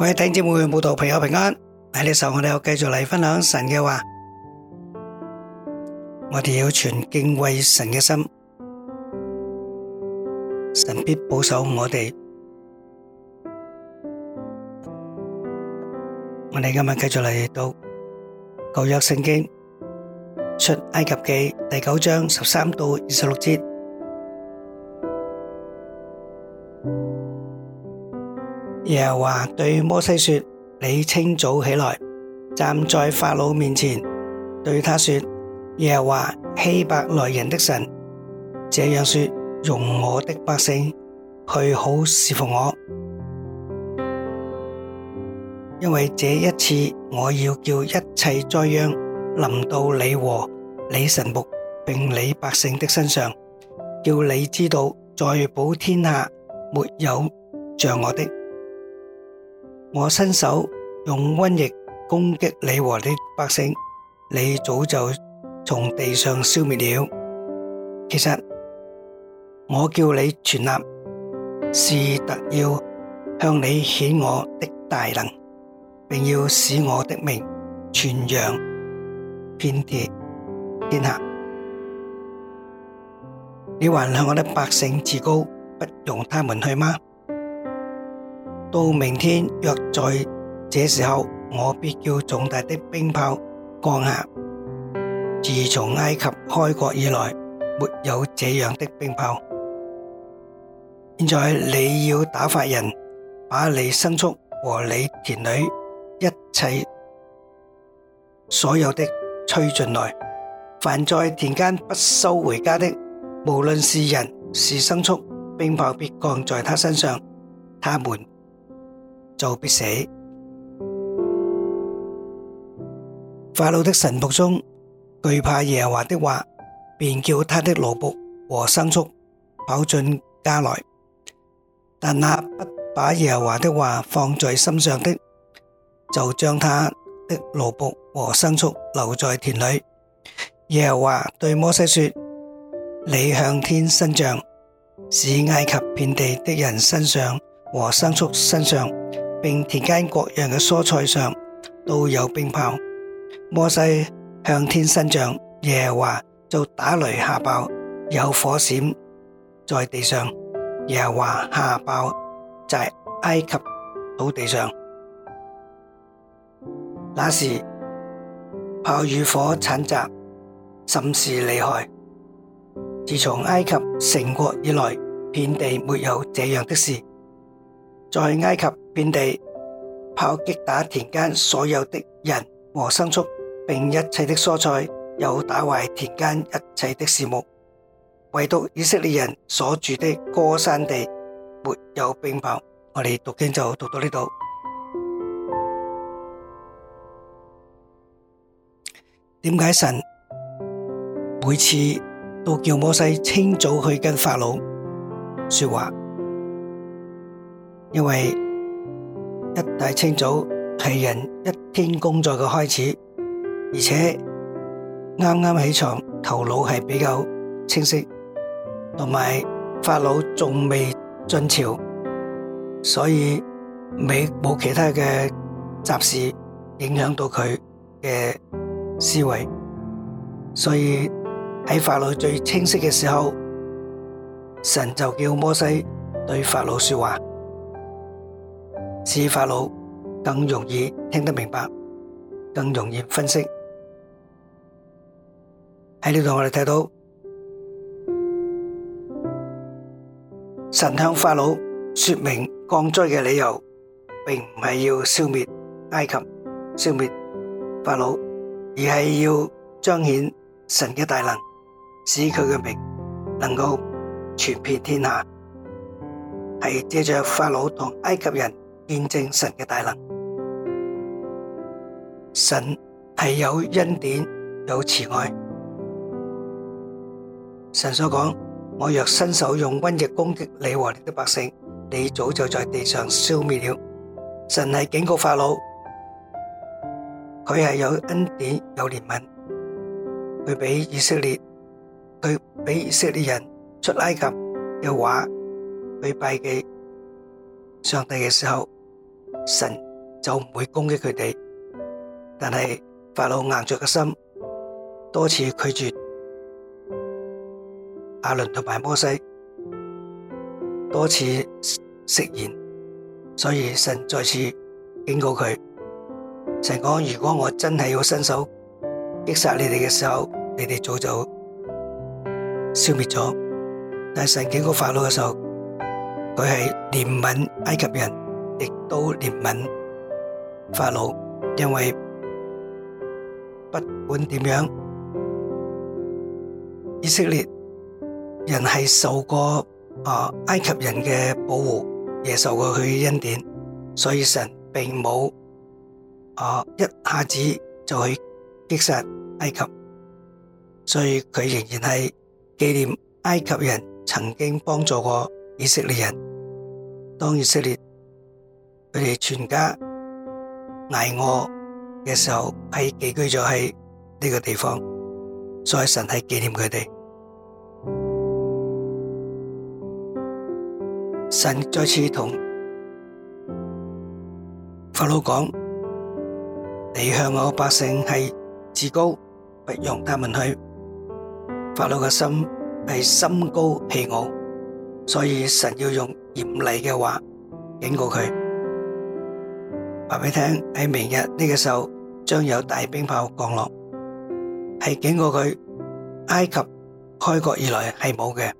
我喺頂節每日報道，朋友平安。喺呢個時候，我哋又繼續嚟分享神嘅話，我哋要存敬畏神嘅心，神必保守我哋。我哋今日繼續嚟讀舊約聖經出埃及記第九章十三到二十六節。耶和華對摩西說：你清早起來，站在法老面前，對他說：耶和華希伯來人的神這樣說：容我的百姓去，好侍奉我，因為這一次我要叫一切災殃臨到你和你神木並你百姓的身上，叫你知道在普天下沒有像我的。我伸手用瘟疫攻擊你和你百姓，你早就從地上消滅了。其實我叫你存立，是特要向你顯我的大能，並要使我的名傳揚遍地天下。你還向我的百姓自高，不容他們去嗎？到明天，若在這時候，我必叫重大的冰炮降下。自從埃及開國以來，沒有這樣的冰炮。現在，你要打發人，把你牲畜和你田裏一切，所有的吹進來。凡在田間不收回家的，無論是人，是牲畜，冰炮必降在他身上，他們。就必死。法老的神僕中懼怕耶和華的話，便叫他的蘿蔔和牲畜跑進家來。但那不把耶和華的話放在心上的，就將他的蘿蔔和牲畜留在田裏。耶和華對摩西說：你向天伸杖，使埃及遍地的人身上和牲畜身上。並田間各樣嘅蔬菜上都有冰雹。摩西向天伸杖，耶華就打雷下雹，有火閃在地上，耶華下雹在埃及土地上。那時，雹與火慘雜，甚是厲害。自從埃及成國以來，遍地沒有這樣的事。在埃及遍地炮擊打田間所有的人和牲畜，並一切的蔬菜，又打壞田間一切的樹木，唯獨以色列人所住的歌山地沒有冰雹。我哋讀經就讀到呢度。點解神每次都叫摩西清早去跟法老說話？因為一大清早係人一天工作嘅開始，而且啱啱起床，頭腦係比較清晰，同埋法老仲未進朝，所以未冇其他嘅雜事影響到佢嘅思維，所以喺法老最清晰嘅時候，神就叫摩西對法老說話。使法老更容易聽得明白,更容易分析。在這裏我們看到,神向法老說明降災的理由並不是要消滅埃及,消滅法老,而是要彰顯神的大能,使他的名能夠傳遍天下。是借着法老同埃及人見證神嘅大能，神係有恩典有慈愛。神所講：我若伸手用瘟疫攻擊你和你的百姓，你早就在地上消滅了。神係警告法老，佢係有恩典有憐憫，佢俾以色列，佢俾以色列人出埃及嘅話，去拜祭上帝嘅時候。神就唔會攻擊佢哋，但係法老硬著個心，多次拒絕阿倫同埋摩西，多次食言，所以神再次警告佢，神講，如果我真係要伸手擊殺你哋嘅時候，你哋早就消滅咗，但係神警告法老嘅時候，佢係憐憫埃及人。亦都憐憫法老，因為不管點樣，以色列人係受過啊埃及人嘅保護，也受過佢嘅恩典，所以神並冇啊一下子就去擊殺埃及，所以佢仍然係紀念埃及人曾經幫助過以色列人，當以色列。Nên… 佢哋全家挨餓嘅時候,係寄居咗喺呢個地方,所以神係紀念佢哋。神再次同法老講,你向我百姓係自高不容他們去。法老嘅心係心高氣傲,所以神要用嚴厲嘅話警告佢。話俾你聽，喺明日呢個時候將有大冰雹降落，係經過佢埃及開國以來係冇嘅。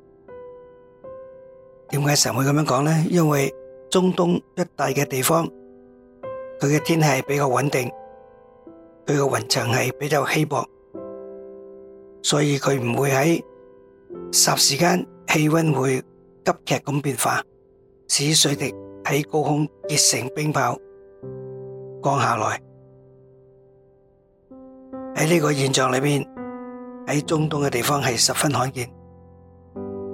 點解神會咁樣講呢？因為中東一帶嘅地方佢嘅天氣比較穩定，佢個雲層係比較稀薄，所以佢唔會喺霎時間氣溫會急劇咁變化，使水滴喺高空結成冰雹。降下來，喺呢個現象裏面，喺中東嘅地方係十分罕見。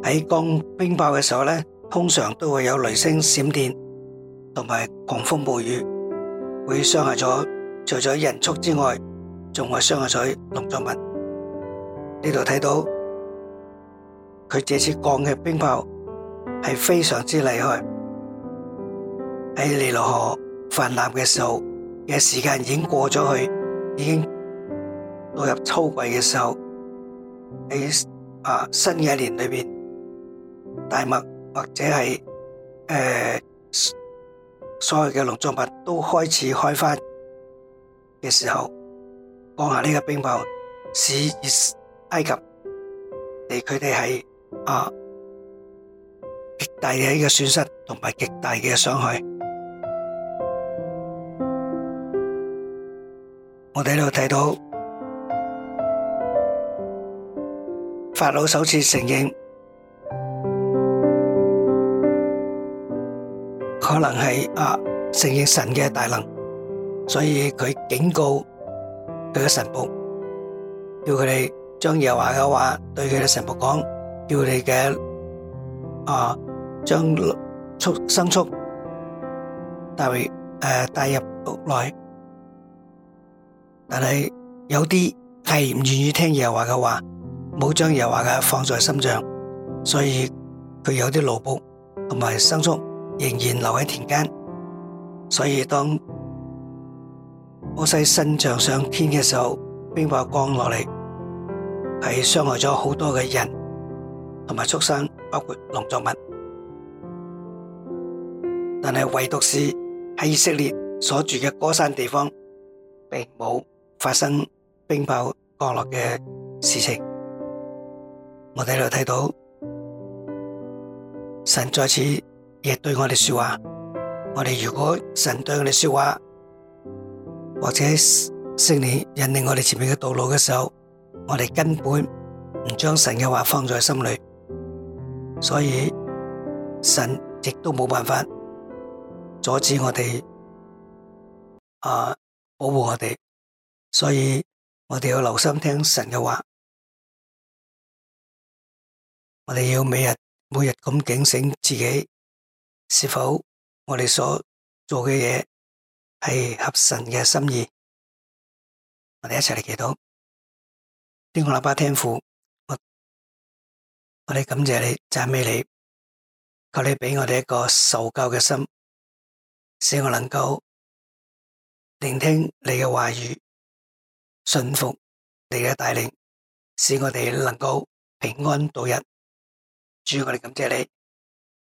喺降冰雹嘅時候呢，通常都會有雷聲閃電，同埋狂風暴雨，會傷害咗，除咗人畜之外，仲會傷害咗農作物。呢度睇到佢這次降嘅冰雹係非常之厲害。喺尼羅河氾濫嘅時候，嘅時間已經過咗去，已經步入秋季嘅時候。喺、啊、新嘅一年裏面，大麥或者係誒、呃、所有嘅農作物都開始開花嘅時候，降下呢個冰雹，使埃及地區哋係啊極大嘅一個損失同埋極大嘅傷害。我哋喺度睇到法老首次承認，可能係啊承認神嘅大能，所以佢警告佢嘅神僕，叫佢哋將耶和華嘅話對佢嘅神僕講，叫佢哋嘅啊將畜牲畜帶回誒帶入屋內。但係有啲係唔願意聽耶和華嘅話，冇將耶和華嘅放在心上，所以佢有啲奴僕同埋牲畜仍然留喺田間。所以當摩西伸杖上天嘅時候，冰雹降落嚟，係傷害咗好多嘅人同埋畜生，包括農作物。但係唯獨是喺以色列所住嘅歌珊地方，並冇。發生冰雹降落嘅事情，我哋喺度睇到神再次亦對我哋說話。我哋如果神對我哋說話，或者聖靈引領我哋前面嘅道路嘅時候，我哋根本唔將神嘅話放在心裏，所以神亦都冇辦法阻止我哋啊，保護我哋。所以我哋要留心聽神嘅話，我哋要每日每日咁警醒自己，是否我哋所做嘅嘢係合神嘅心意？我哋一齊嚟祈禱。呢個喇叭天父，我哋感謝你，贊美你，求你畀我哋一個受教嘅心，使我能夠聆聽你嘅話語。信服你嘅帶領，使我哋能夠平安度日。主，我哋感謝你，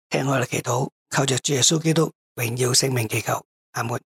聽我哋祈禱，靠着主耶穌基督榮耀聖名祈求，阿門。